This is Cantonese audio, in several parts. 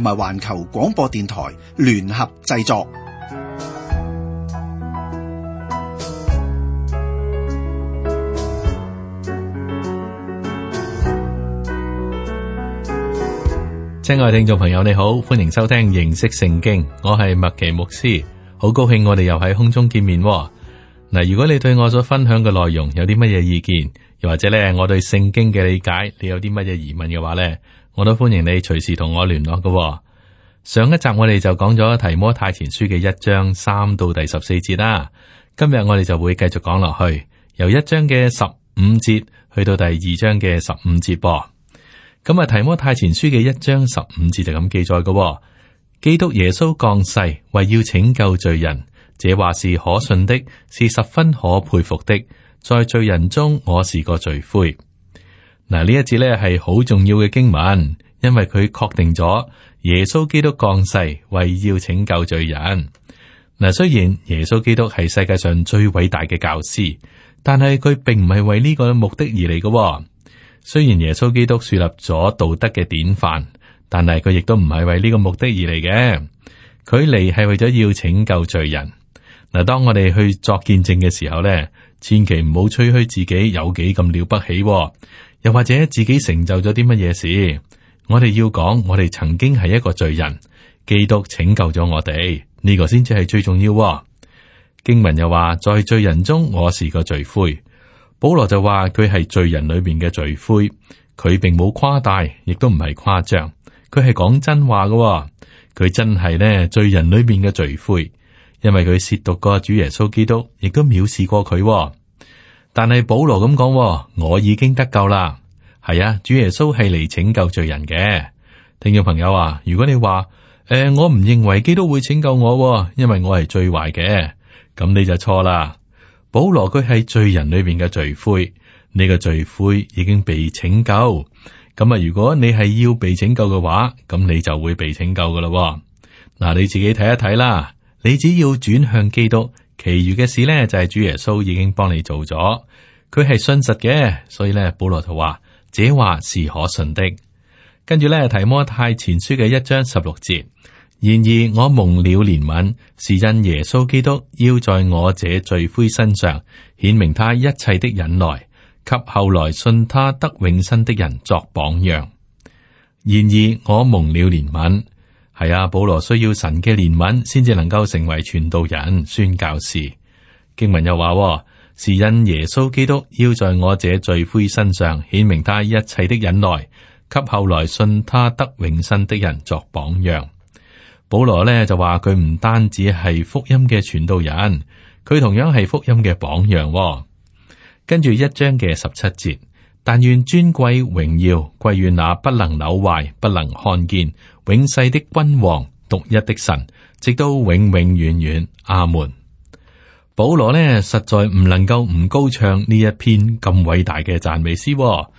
同埋環球廣播電台聯合製作，親愛聽眾朋友你好，歡迎收聽認識聖經，我係麥奇牧師，好高興我哋又喺空中見面。嗱，如果你對我所分享嘅內容有啲乜嘢意見，又或者咧我對聖經嘅理解，你有啲乜嘢疑問嘅話咧？我都歡迎你隨時同我聯絡㗎喎。上一集我哋就講咗提摩太前書嘅一章三到第十四節啦。今日我哋就會繼續講落去，由一章嘅十五節去到第二章嘅十五節噃。噉啊，提摩太前書嘅一章十五節就咁記載㗎喎。基督耶穌降世，為要拯救罪人，這話是可信的，是十分可佩服的。在罪人中，我是個罪魁。嗱，呢一節咧係好重要嘅經文，因為佢確定咗耶穌基督降世為要拯救罪人。嗱，雖然耶穌基督係世界上最偉大嘅教師，但係佢並唔係為呢個目的而嚟嘅。雖然耶穌基督樹立咗道德嘅典範，但係佢亦都唔係為呢個目的而嚟嘅。佢嚟係為咗要拯救罪人。嗱，當我哋去作見證嘅時候咧，千祈唔好吹嘘自己有幾咁了不起。又或者自己成就咗啲乜嘢事，我哋要講我哋曾經係一個罪人，基督拯救咗我哋，呢個先至係最重要。經文又話，在罪人中我是個罪魁，保羅就話佢係罪人裏邊嘅罪魁，佢並冇誇大，亦都唔係誇張，佢係講真話嘅，佢真係咧罪人裏邊嘅罪魁，因為佢褻瀆過主耶穌基督，亦都藐視過佢。但係保羅咁講，我已經得救啦。係啊，主耶穌係嚟拯救罪人嘅。聽眾朋友啊，如果你話誒、呃，我唔認為基督會拯救我，因為我係最壞嘅，咁你就錯啦。保羅佢係罪人裏邊嘅罪魁，呢個罪魁已經被拯救。咁啊，如果你係要被拯救嘅話，咁你就會被拯救噶啦。嗱，你自己睇一睇啦，你只要轉向基督。其餘嘅事呢，就係主耶穌已經幫你做咗，佢係信實嘅，所以呢，保羅就話：這話是可信的。跟住呢，提摩太前書嘅一章十六節，然而我蒙了憐憫，是因耶穌基督要在我這罪魁身上顯明他一切的忍耐，給後來信他得永生的人作榜樣。然而我蒙了憐憫。係啊，保羅需要神嘅憐憫，先至能夠成為傳道人、宣教士。經文又話，是因耶穌基督要在我這罪魁身上顯明他一切的忍耐，給後來信他得永生的人作榜樣。保羅呢就話，佢唔單止係福音嘅傳道人，佢同樣係福音嘅榜樣、哦。跟住一章嘅十七節，但願尊貴榮耀歸於那不能朽壞、不能看見。永世的君王，獨一的神，直到永永遠遠。阿門。保羅呢，實在唔能夠唔高唱呢一篇咁偉大嘅讚美詩、哦。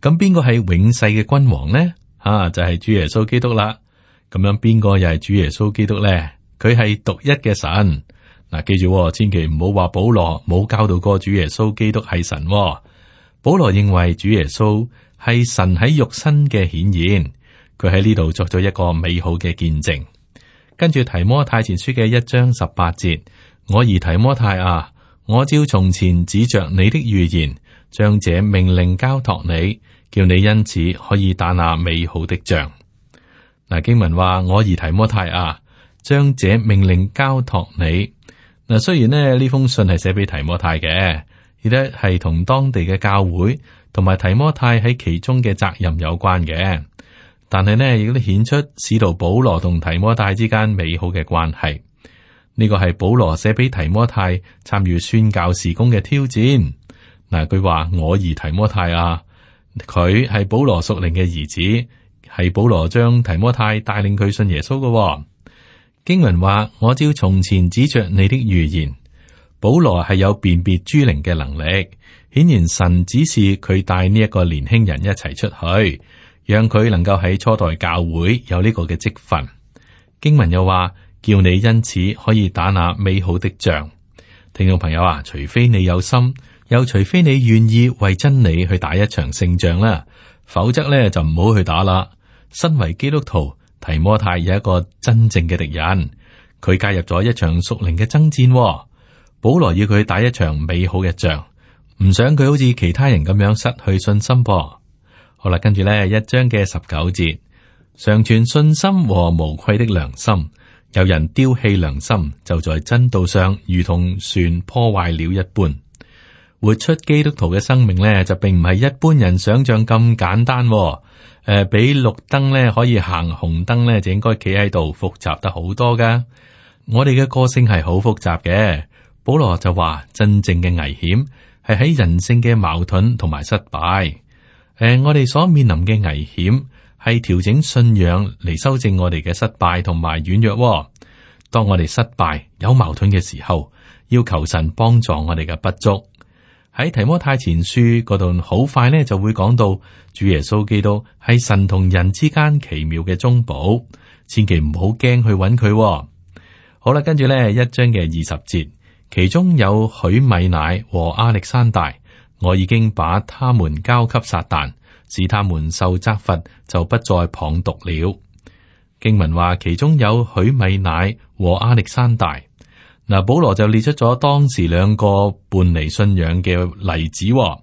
咁邊個係永世嘅君王呢？吓、啊、就係、是、主耶穌基督啦。咁樣邊個又係主耶穌基督呢？佢係獨一嘅神。嗱、啊，記住、哦，千祈唔好話保羅冇教導過主耶穌基督係神、哦。保羅認為主耶穌係神喺肉身嘅顯現。佢喺呢度作咗一個美好嘅見證，跟住提摩太前書嘅一章十八節，我兒提摩太啊，我照從前指着你的預言，將這命令交託你，叫你因此可以打那美好的仗。嗱，經文話我兒提摩太啊，將這命令交託你嗱。雖然呢呢封信係寫俾提摩太嘅，而呢係同當地嘅教會同埋提摩太喺其中嘅責任有關嘅。但係呢亦都顯出使徒保羅同提摩太之間美好嘅關係。呢個係保羅寫俾提摩太參與宣教事工嘅挑戰。嗱、啊，佢話我兒提摩太啊，佢係保羅屬靈嘅兒子，係保羅將提摩太帶領佢信耶穌嘅、哦。經文話我照從前指着你的預言，保羅係有辨別諸靈嘅能力。顯然神指示佢帶呢一個年輕人一齊出去。讓佢能夠喺初代教會有呢個嘅職分。經文又話，叫你因此可以打那美好的仗。聽眾朋友啊，除非你有心，又除非你願意為真理去打一場勝仗啦，否則咧就唔好去打啦。身為基督徒，提摩太有一個真正嘅敵人，佢介入咗一場屬靈嘅爭戰。保羅要佢打一場美好嘅仗，唔想佢好似其他人咁樣失去信心噃。好啦，跟住呢一章嘅十九節，常存信心和無愧的良心。有人丟棄良心，就在真道上如同船破壞了一般。活出基督徒嘅生命呢，就並唔係一般人想象咁簡單，哦。誒、呃，比綠燈呢可以行紅燈呢，就應該企喺度，複雜得好多噶。我哋嘅個性係好複雜嘅。保羅就話，真正嘅危險係喺人性嘅矛盾同埋失敗。誒、呃，我哋所面臨嘅危險係調整信仰嚟修正我哋嘅失敗同埋軟弱、哦。當我哋失敗有矛盾嘅時候，要求神幫助我哋嘅不足。喺提摩太前書嗰段好快咧就會講到，主耶穌基督係神同人之間奇妙嘅中保，千祈唔好驚去揾佢、哦。好啦，跟住咧一章嘅二十節，其中有許米乃和亞歷山大。我已經把他們交給撒旦，使他們受責罰，就不再旁讀了。經文話，其中有許米乃和亞歷山大。嗱，保羅就列出咗當時兩個叛離信仰嘅例子喎、哦。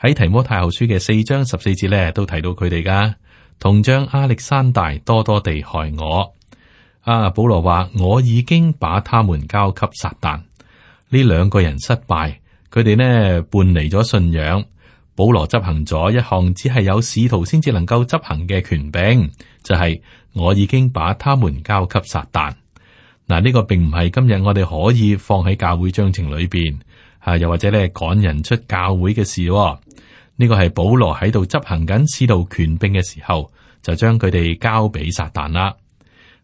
喺提摩太後書嘅四章十四節呢，都提到佢哋噶。同將亞歷山大多多地害我。啊，保羅話「我已經把他們交給撒旦。」呢兩個人失敗。佢哋呢，叛離咗信仰，保羅執行咗一項只係有使徒先至能夠執行嘅權柄，就係、是、我已經把他們交給撒旦。嗱、啊、呢、這個並唔係今日我哋可以放喺教會章程裏邊，吓、啊、又或者咧趕人出教會嘅事、哦。呢個係保羅喺度執行緊使徒權柄嘅時候，就將佢哋交俾撒旦啦。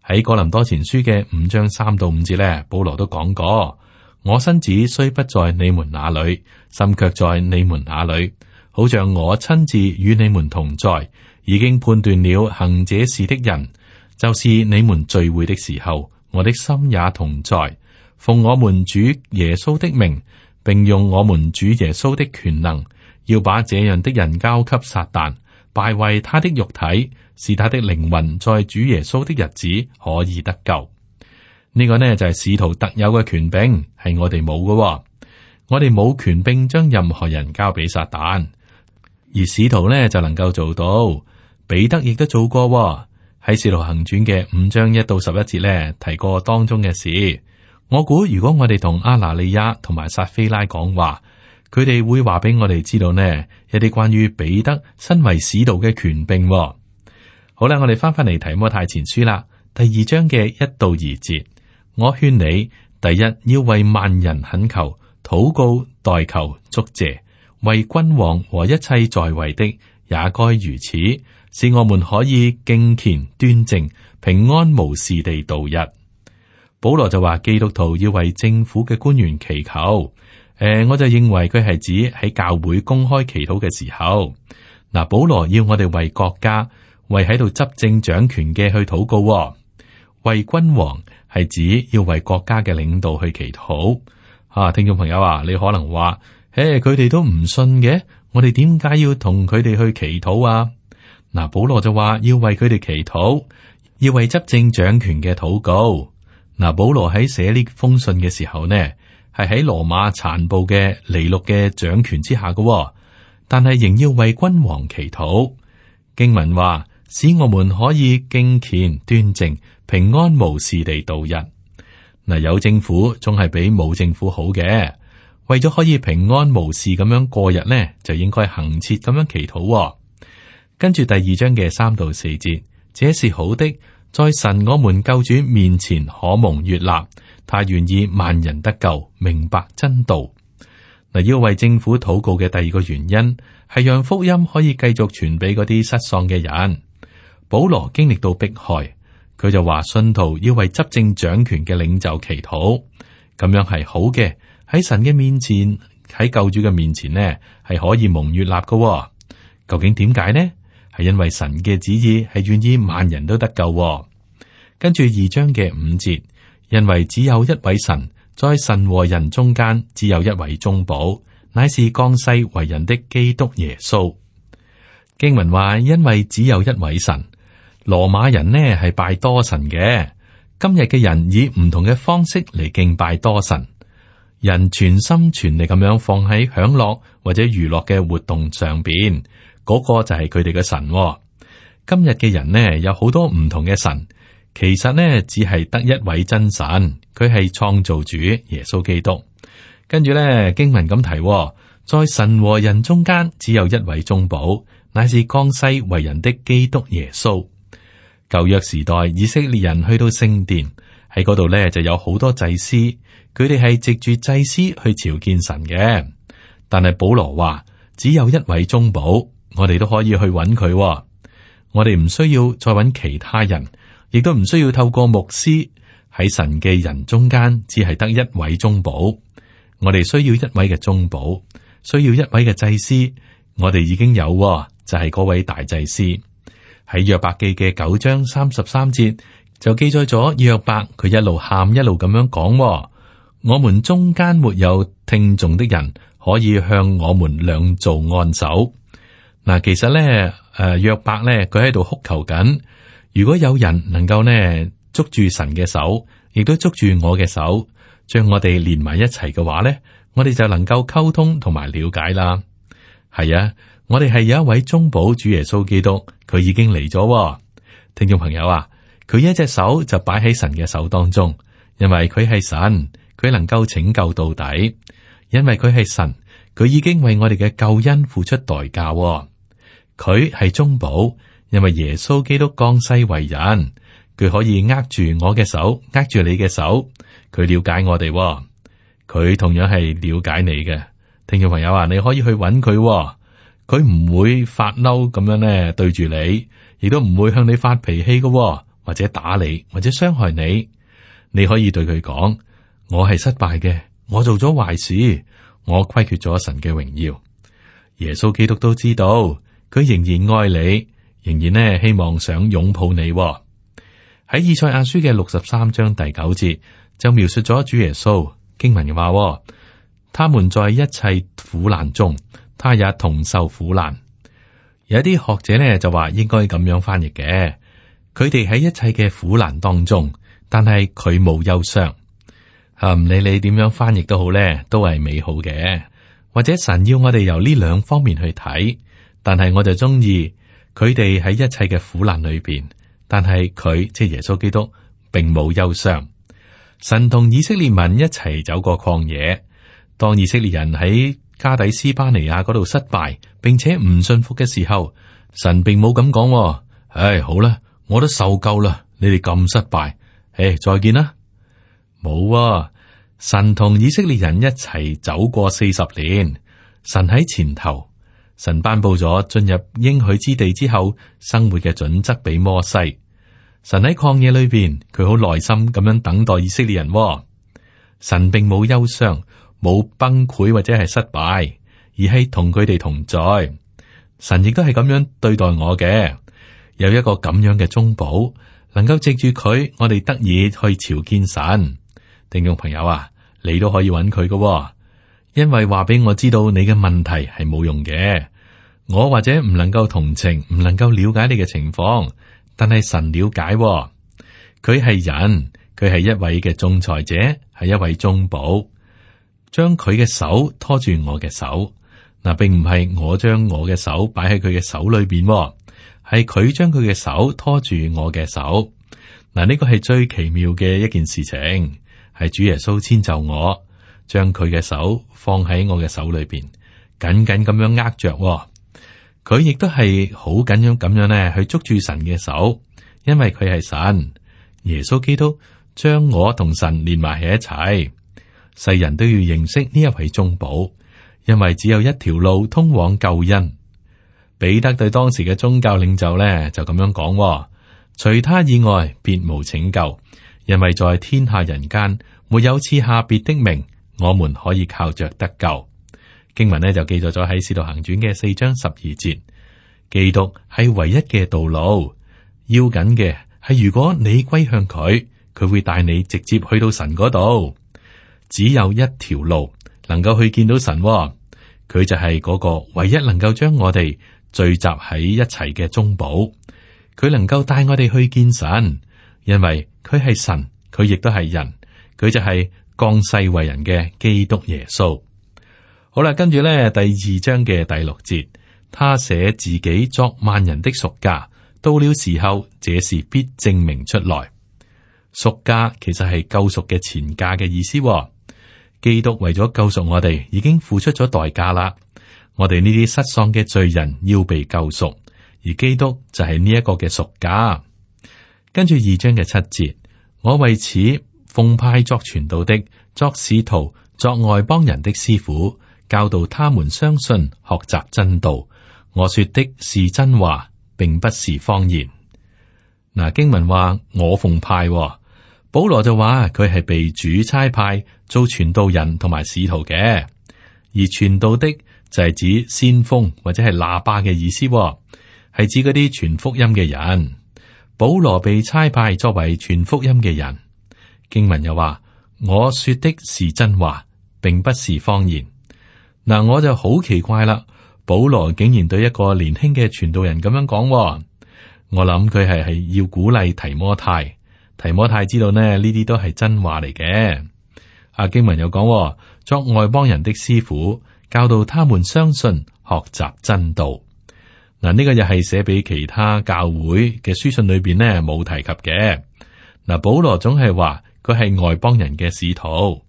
喺哥林多前書嘅五章三到五節咧，保羅都講過。我身子雖不在你們那裏，心卻在你們那裏，好像我親自與你們同在。已經判斷了行這事的人，就是你們聚會的時候，我的心也同在。奉我們主耶穌的名，並用我們主耶穌的權能，要把這樣的人交給撒但，敗壞他的肉體，使他的靈魂在主耶穌的日子可以得救。呢個呢就係、是、使徒特有嘅權柄，係我哋冇㗎。我哋冇權柄將任何人交俾撒旦，而使徒呢就能夠做到。彼得亦都做過喺、喎、使徒行傳嘅五章一到十一節呢提過當中嘅事。我估如果我哋同阿拿利亞同埋撒非拉講話，佢哋會話俾我哋知道呢一啲關於彼得身為使徒嘅權柄、喎。好啦，我哋翻返嚟提摩太前書啦，第二章嘅一到二節。我勸你，第一要為萬人懇求、禱告、代求、祝謝，為君王和一切在位的也該如此，使我們可以敬虔、端正、平安無事地度日。保羅就話，基督徒要為政府嘅官員祈求。誒、呃，我就認為佢係指喺教會公開祈禱嘅時候。嗱、呃，保羅要我哋為國家、為喺度執政掌權嘅去禱告、哦，為君王。係指要為國家嘅領導去祈禱，啊，聽眾朋友啊，你可能話，誒，佢哋都唔信嘅，我哋點解要同佢哋去祈禱啊？嗱、啊，保羅就話要為佢哋祈禱，要為執政掌權嘅禱告。嗱、啊，保羅喺寫呢封信嘅時候呢，係喺羅馬殘暴嘅尼禄嘅掌權之下嘅、哦，但係仍要為君王祈禱。經文話。使我們可以敬虔端正，平安無事地度日。嗱，有政府總係比冇政府好嘅。為咗可以平安無事咁樣過日咧，就應該行切咁樣祈禱哦。跟住第二章嘅三到四節，這是好的，在神我們救主面前可蒙悅納，他願意萬人得救，明白真道。嗱，要為政府禱告嘅第二個原因係讓福音可以繼續傳俾嗰啲失喪嘅人。保羅經歷到迫害，佢就話：信徒要為執政掌權嘅領袖祈禱，咁樣係好嘅。喺神嘅面前，喺救主嘅面前呢，係可以蒙悅納嘅，哦。究竟點解呢？係因為神嘅旨意係願意萬人都得救，哦。跟住二章嘅五節，因為只有一位神，在神和人中間，只有一位中保，乃是降世為人的基督耶穌。經文話：因為只有一位神。羅馬人呢係拜多神嘅。今日嘅人以唔同嘅方式嚟敬拜多神，人全心全力咁樣放喺享樂或者娛樂嘅活動上面，嗰、那個就係佢哋嘅神、哦。今日嘅人呢有好多唔同嘅神，其實呢只係得一位真神，佢係創造主耶穌基督。跟住呢經文咁提、哦，在神和人中間只有一位中保，乃是降世為人的基督耶穌。舊約時代，以色列人去到聖殿，喺嗰度呢就有好多祭司，佢哋係藉住祭司去朝見神嘅。但係保羅話，只有一位中保，我哋都可以去揾佢喎，我哋唔需要再揾其他人，亦都唔需要透過牧師喺神嘅人中間，只係得一位中保。我哋需要一位嘅中保，需要一位嘅祭司，我哋已經有，就係嗰位大祭司。喺約伯記嘅九章三十三節就記載咗約伯佢一路喊一路咁樣講、哦，我們中間沒有聽訟的人可以向我們兩造按手。嗱，其實咧，誒，約伯咧佢喺度哭求緊，如果有人能夠咧捉住神嘅手，亦都捉住我嘅手，將我哋連埋一齊嘅話咧，我哋就能夠溝通同埋了解啦。係啊。我哋係有一位中保主耶穌基督，佢已經嚟咗、哦。聽眾朋友啊，佢一隻手就擺喺神嘅手當中，因為佢係神，佢能夠拯救到底。因為佢係神，佢已經為我哋嘅救恩付出代價、哦。佢係中保，因為耶穌基督降世為人，佢可以握住我嘅手，握住你嘅手。佢了解我哋、哦，佢同樣係了解你嘅。聽眾朋友啊，你可以去揾佢、哦。佢唔會發嬲咁樣咧，對住你，亦都唔會向你發脾氣嘅，或者打你，或者傷害你。你可以對佢講：我係失敗嘅，我做咗壞事，我虧缺咗神嘅榮耀。耶穌基督都知道，佢仍然愛你，仍然呢希望想擁抱你。喺以賽亞書嘅六十三章第九節就描述咗主耶穌，經文嘅話：他們在一切苦難中。他也同受苦難，有一啲學者咧就話應該咁樣翻譯嘅。佢哋喺一切嘅苦難當中，但係佢冇憂傷。吓，唔理你點樣翻譯都好咧，都係美好嘅。或者神要我哋由呢兩方面去睇，但係我就中意佢哋喺一切嘅苦難裏邊，但係佢即係耶穌基督並冇憂傷。神同以色列民一齊走過曠野，當以色列人喺。加底斯巴尼亞嗰度失敗，並且唔信服嘅時候，神並冇咁講，唉、哎，好啦，我都受夠啦，你哋咁失敗，唉、哎，再見啦。冇，啊，神同以色列人一齊走過四十年，神喺前頭，神頒布咗進入應許之地之後生活嘅準則俾摩西，神喺曠野裏邊，佢好耐心咁樣等待以色列人、啊，神並冇憂傷。冇崩潰或者係失敗，而係同佢哋同在，神亦都係咁樣對待我嘅。有一個咁樣嘅中保，能夠藉住佢，我哋得以去朝見神。聽眾朋友啊，你都可以揾佢嘅，因為話俾我知道你嘅問題係冇用嘅。我或者唔能夠同情，唔能夠了解你嘅情況，但係神了解、哦，佢係人，佢係一位嘅仲裁者，係一位中保。將佢嘅手拖住我嘅手，嗱，並唔係我將我嘅手擺喺佢嘅手裏邊，係佢將佢嘅手拖住我嘅手，嗱，呢個係最奇妙嘅一件事情，係主耶穌遷就我，將佢嘅手放喺我嘅手裏邊，緊緊咁樣握着，佢亦都係好緊張咁樣咧去捉住神嘅手，因為佢係神，耶穌基督將我同神連埋喺一齊。世人都要認識呢一位中保，因為只有一條路通往救恩。彼得對當時嘅宗教領袖呢，就咁樣講，哦，除他以外，別無拯救。因為在天下人間，沒有賜下別的名，我們可以靠着得救。經文呢，就記載咗喺《使徒行傳》嘅四章十二節，基督係唯一嘅道路。要緊嘅係，如果你歸向佢，佢會帶你直接去到神嗰度。只有一條路能夠去見到神、哦，佢就係嗰個唯一能夠將我哋聚集喺一齊嘅中保，佢能夠帶我哋去見神，因為佢係神，佢亦都係人，佢就係降世為人嘅基督耶穌。好啦，跟住咧第二章嘅第六節，他捨自己作萬人的贖價，到了時候，這事必證明出來。贖價其實係救贖嘅前價嘅意思、哦。基督為咗救贖我哋，已經付出咗代價啦。我哋呢啲失喪嘅罪人要被救贖，而基督就係呢一個嘅贖價。跟住二章嘅七節，我為此奉派作傳道的，作使徒，作外邦人的師傅，教導他們相信，學習真道。我說的是真話，並不是謊言。嗱，經文話我奉派，哦。保羅就話佢係被主差派做傳道人同埋使徒嘅，而傳道的就係指先鋒或者係喇叭嘅意思、哦，係指嗰啲傳福音嘅人。保羅被差派作為傳福音嘅人。經文又話：我說的是真話，並不是謊言。嗱，我就好奇怪啦，保羅竟然對一個年輕嘅傳道人咁樣講、哦，我諗佢係係要鼓勵提摩太。提摩太知道呢呢啲都係真話嚟嘅。阿經文又講，作外邦人的師傅，教導他們相信學習真道。嗱、這、呢個又係寫俾其他教會嘅書信裏邊呢冇提及嘅。嗱，保羅總係話佢係外邦人嘅使徒，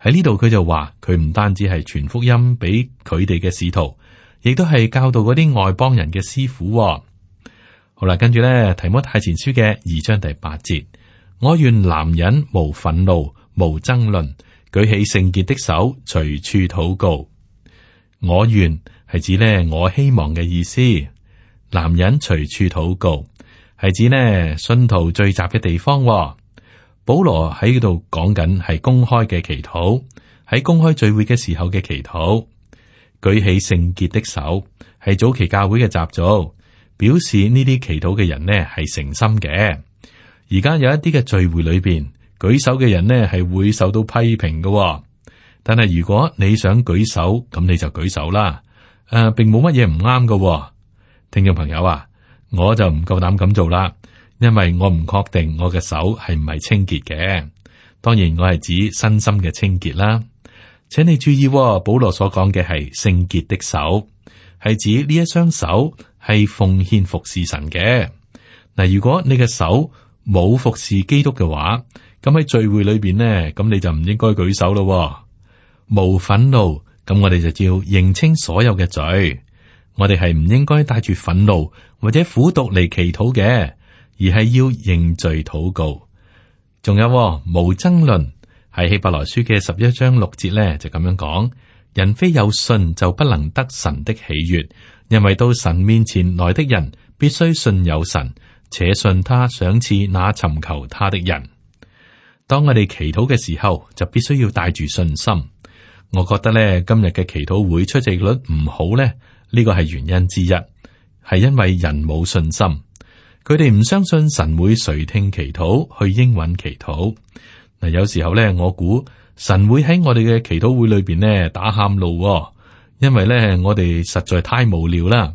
喺呢度佢就話佢唔單止係傳福音俾佢哋嘅使徒，亦都係教導嗰啲外邦人嘅師傅。好啦，跟住呢，提摩太前書嘅二章第八節。我願男人無憤怒、無爭論，舉起聖潔的手，隨處禱告。我願係指呢，我希望嘅意思。男人隨處禱告，係指呢，信徒聚集嘅地方。保羅喺度講緊係公開嘅祈禱，喺公開聚會嘅時候嘅祈禱。舉起聖潔的手，係早期教會嘅習俗，表示呢啲祈禱嘅人呢，係誠心嘅。而家有一啲嘅聚會裏邊舉手嘅人呢係會受到批評嘅，哦。但係如果你想舉手，咁你就舉手啦。誒、呃，並冇乜嘢唔啱嘅。聽眾朋友啊，我就唔夠膽咁做啦，因為我唔確定我嘅手係唔係清潔嘅。當然我係指身心嘅清潔啦。請你注意，哦，保羅所講嘅係聖潔的手，係指呢一雙手係奉獻服侍神嘅。嗱，如果你嘅手，冇服侍基督嘅話，咁喺聚會裏邊呢，咁你就唔應該舉手咯。無憤怒，咁我哋就要認清所有嘅罪。我哋係唔應該帶住憤怒或者苦毒嚟祈禱嘅，而係要認罪禱告。仲有無爭論，喺希伯來書嘅十一章六節呢，就咁樣講：人非有信就不能得神的喜悅，因為到神面前來的人必須信有神。且信他賞賜那尋求他的人。當我哋祈禱嘅時候，就必須要帶住信心。我覺得咧，今日嘅祈禱會出席率唔好咧，呢個係原因之一，係因為人冇信心，佢哋唔相信神會垂聽祈禱，去應允祈禱。嗱，有時候咧，我估神會喺我哋嘅祈禱會裏邊呢打喊路、哦，因為咧我哋實在太無聊啦，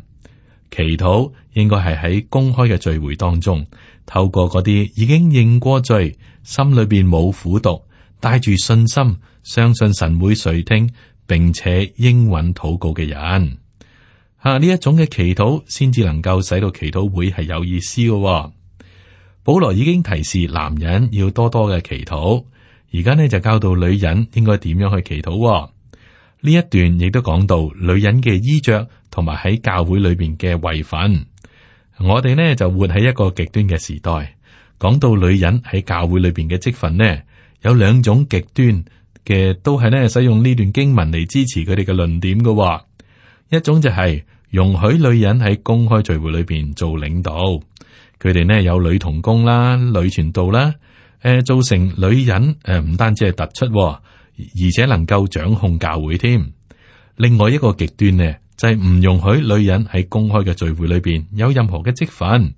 祈禱。應該係喺公開嘅聚會當中，透過嗰啲已經認過罪、心裏邊冇苦毒、帶住信心，相信神會垂聽，並且應允禱告嘅人啊，呢一種嘅祈禱先至能夠使到祈禱會係有意思嘅、哦。保羅已經提示男人要多多嘅祈禱，而家呢就教導女人應該點樣去祈禱、哦。呢一段亦都講到女人嘅衣着同埋喺教會裏邊嘅位份。我哋呢就活喺一個極端嘅時代，講到女人喺教會裏邊嘅職份呢，有兩種極端嘅，都係呢使用呢段經文嚟支持佢哋嘅論點嘅、哦。一種就係容許女人喺公開聚會裏邊做領導，佢哋呢有女同工啦、女傳道啦，誒、呃、造成女人誒唔、呃、單止係突出、哦，而且能夠掌控教會添。另外一個極端呢？就係唔容許女人喺公開嘅聚會裏邊有任何嘅職分。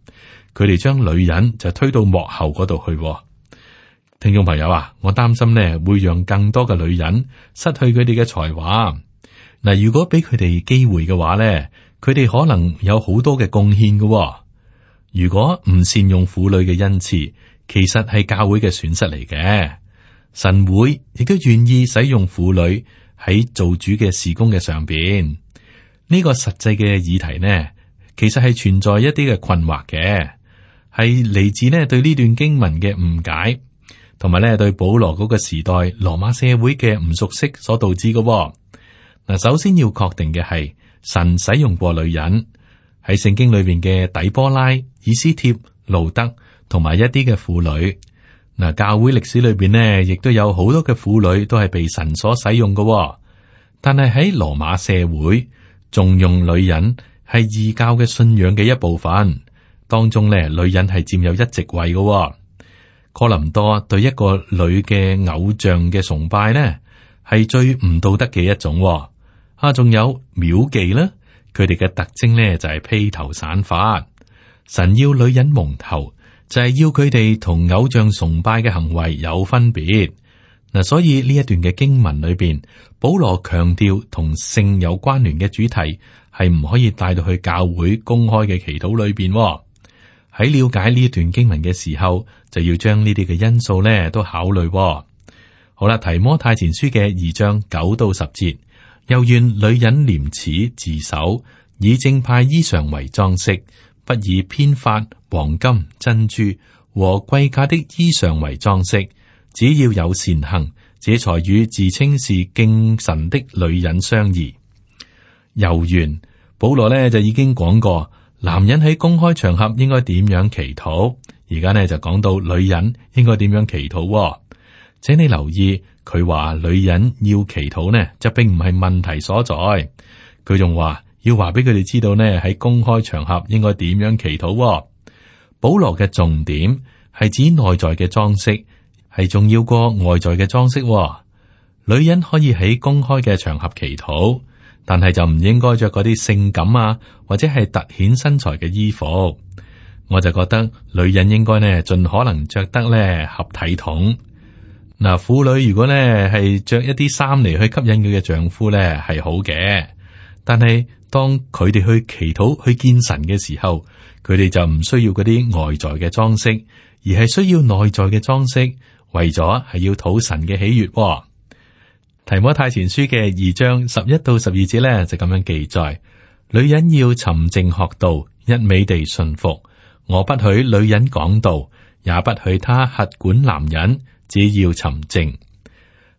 佢哋將女人就推到幕後嗰度去，哦。聽眾朋友啊，我擔心呢會讓更多嘅女人失去佢哋嘅才華。嗱，如果俾佢哋機會嘅話咧，佢哋可能有好多嘅貢獻噶。如果唔善用婦女嘅恩賜，其實係教會嘅損失嚟嘅。神會亦都願意使用婦女喺做主嘅事工嘅上邊。呢個實際嘅議題呢，其實係存在一啲嘅困惑嘅，係嚟自呢對呢段經文嘅誤解，同埋呢對保羅嗰個時代羅馬社會嘅唔熟悉所導致嘅。嗱，首先要確定嘅係神使用過女人喺聖經裏邊嘅底波拉、以斯帖、路得同埋一啲嘅婦女。嗱，教會歷史裏邊呢，亦都有好多嘅婦女都係被神所使用嘅。但係喺羅馬社會。重用女人係異教嘅信仰嘅一部分，當中咧女人係佔有一席位嘅，哦。哥林多對一個女嘅偶像嘅崇拜咧，係最唔道德嘅一種，哦。啊，仲有廟妓啦，佢哋嘅特徵咧就係、是、披頭散髮。神要女人蒙頭，就係、是、要佢哋同偶像崇拜嘅行為有分別。所以呢一段嘅經文裏邊，保羅強調同性有關聯嘅主題係唔可以帶到去教會公開嘅祈禱裏邊、哦。喺了解呢一段經文嘅時候，就要將呢啲嘅因素咧都考慮、哦。好啦，提摩太前書嘅二章九到十節，又願女人廉恥自守，以正派衣裳為裝飾，不以編髮、黃金、珍珠和貴價的衣裳為裝飾。只要有善行，這才與自稱是敬神的女人相宜。游完保羅呢，就已經講過，男人喺公開場合應該點樣祈禱。而家呢，就講到女人應該點樣祈禱、哦。請你留意，佢話女人要祈禱呢，則並唔係問題所在。佢仲話要話俾佢哋知道呢，喺公開場合應該點樣祈禱、哦。保羅嘅重點係指內在嘅裝飾。係重要過外在嘅裝飾。女人可以喺公開嘅場合祈禱，但係就唔應該着嗰啲性感啊，或者係突顯身材嘅衣服。我就覺得女人應該呢盡可能着得咧合體統。嗱，婦女如果呢係着一啲衫嚟去吸引佢嘅丈夫咧係好嘅，但係當佢哋去祈禱、去見神嘅時候，佢哋就唔需要嗰啲外在嘅裝飾，而係需要內在嘅裝飾。為咗係要討神嘅喜悦、哦，提摩太前書嘅二章十一到十二節呢，就咁樣記載：女人要沉靜學道，一味地順服。我不許女人講道，也不許她轄管男人，只要沉靜。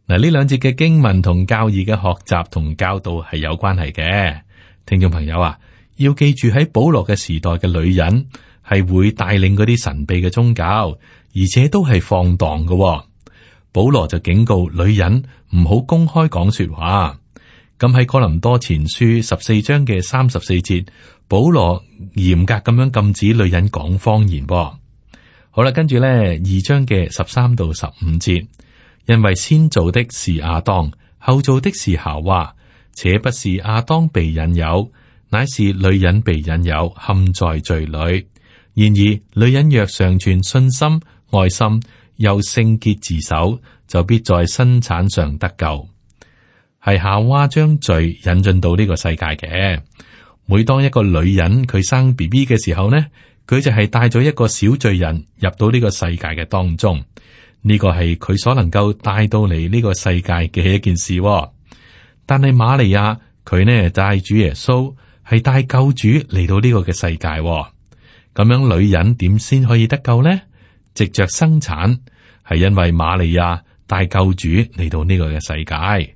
嗱，呢兩節嘅經文同教義嘅學習同教導係有關係嘅。聽眾朋友啊，要記住喺保羅嘅時代嘅女人係會帶領嗰啲神秘嘅宗教。而且都係放蕩嘅，哦，保羅就警告女人唔好公開講說話。咁喺哥林多前書十四章嘅三十四節，保羅嚴格咁樣禁止女人講方言。好啦，跟住呢二章嘅十三到十五節，因為先做的是亞當，後做的是夏娃，且不是亞當被引誘，乃是女人被引誘，陷在罪裏。然而女人若尚存信心。愛心又聖潔自守，就必在生產上得救。係夏娃將罪引進到呢個世界嘅。每當一個女人佢生 BB 嘅時候呢，佢就係帶咗一個小罪人入到呢個世界嘅當中。呢個係佢所能夠帶到嚟呢個世界嘅一件事。但係瑪利亞佢呢帶主耶穌係帶救主嚟到呢個嘅世界。咁樣女人點先可以得救呢？藉着生產係因為瑪利亞帶救主嚟到呢個嘅世界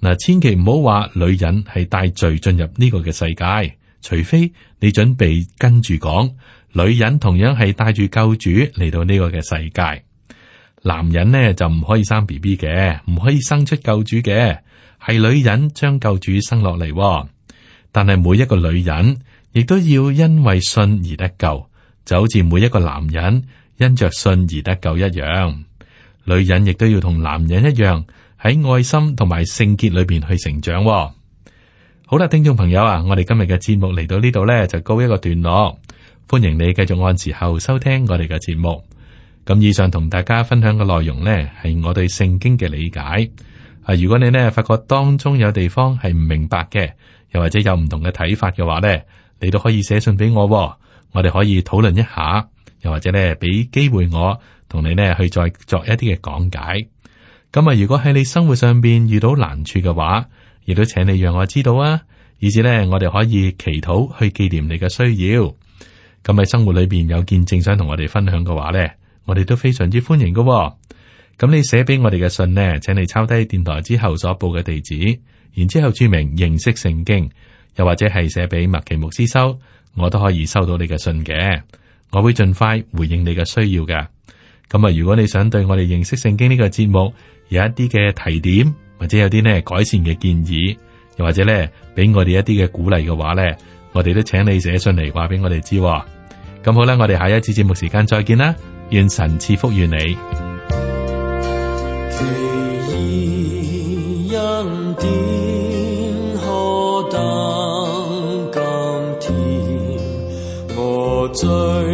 嗱，千祈唔好話女人係帶罪進入呢個嘅世界，除非你準備跟住講女人同樣係帶住救主嚟到呢個嘅世界。男人呢就唔可以生 BB 嘅，唔可以生出救主嘅係女人將救主生落嚟、哦，但係每一個女人亦都要因為信而得救，就好似每一個男人。因着信而得救一樣，女人亦都要同男人一樣喺愛心同埋聖潔裏邊去成長，哦。好啦，聽眾朋友啊，我哋今日嘅節目嚟到呢度咧，就告一個段落。歡迎你繼續按時候收聽我哋嘅節目。咁以上同大家分享嘅內容咧，係我對聖經嘅理解。啊，如果你咧發覺當中有地方係唔明白嘅，又或者有唔同嘅睇法嘅話咧，你都可以寫信俾我，哦，我哋可以討論一下。又或者咧，俾機會我同你咧去再作一啲嘅講解。咁啊，如果喺你生活上邊遇到難處嘅話，亦都請你讓我知道啊，以至呢我哋可以祈禱去紀念你嘅需要。咁喺生活裏邊有見證想同我哋分享嘅話呢，我哋都非常之歡迎嘅。咁你寫俾我哋嘅信呢，請你抄低電台之後所報嘅地址，然之後註明認識聖經，又或者係寫俾麥奇牧師收，我都可以收到你嘅信嘅。我會盡快回應你嘅需要嘅。咁啊，如果你想對我哋認識聖經呢個節目有一啲嘅提點，或者有啲咩改善嘅建議，又或者咧俾我哋一啲嘅鼓勵嘅話咧，我哋都請你寫信嚟話俾我哋知。咁好啦，我哋下一次節目時間再見啦，願神賜福於你。何等甘甜我最。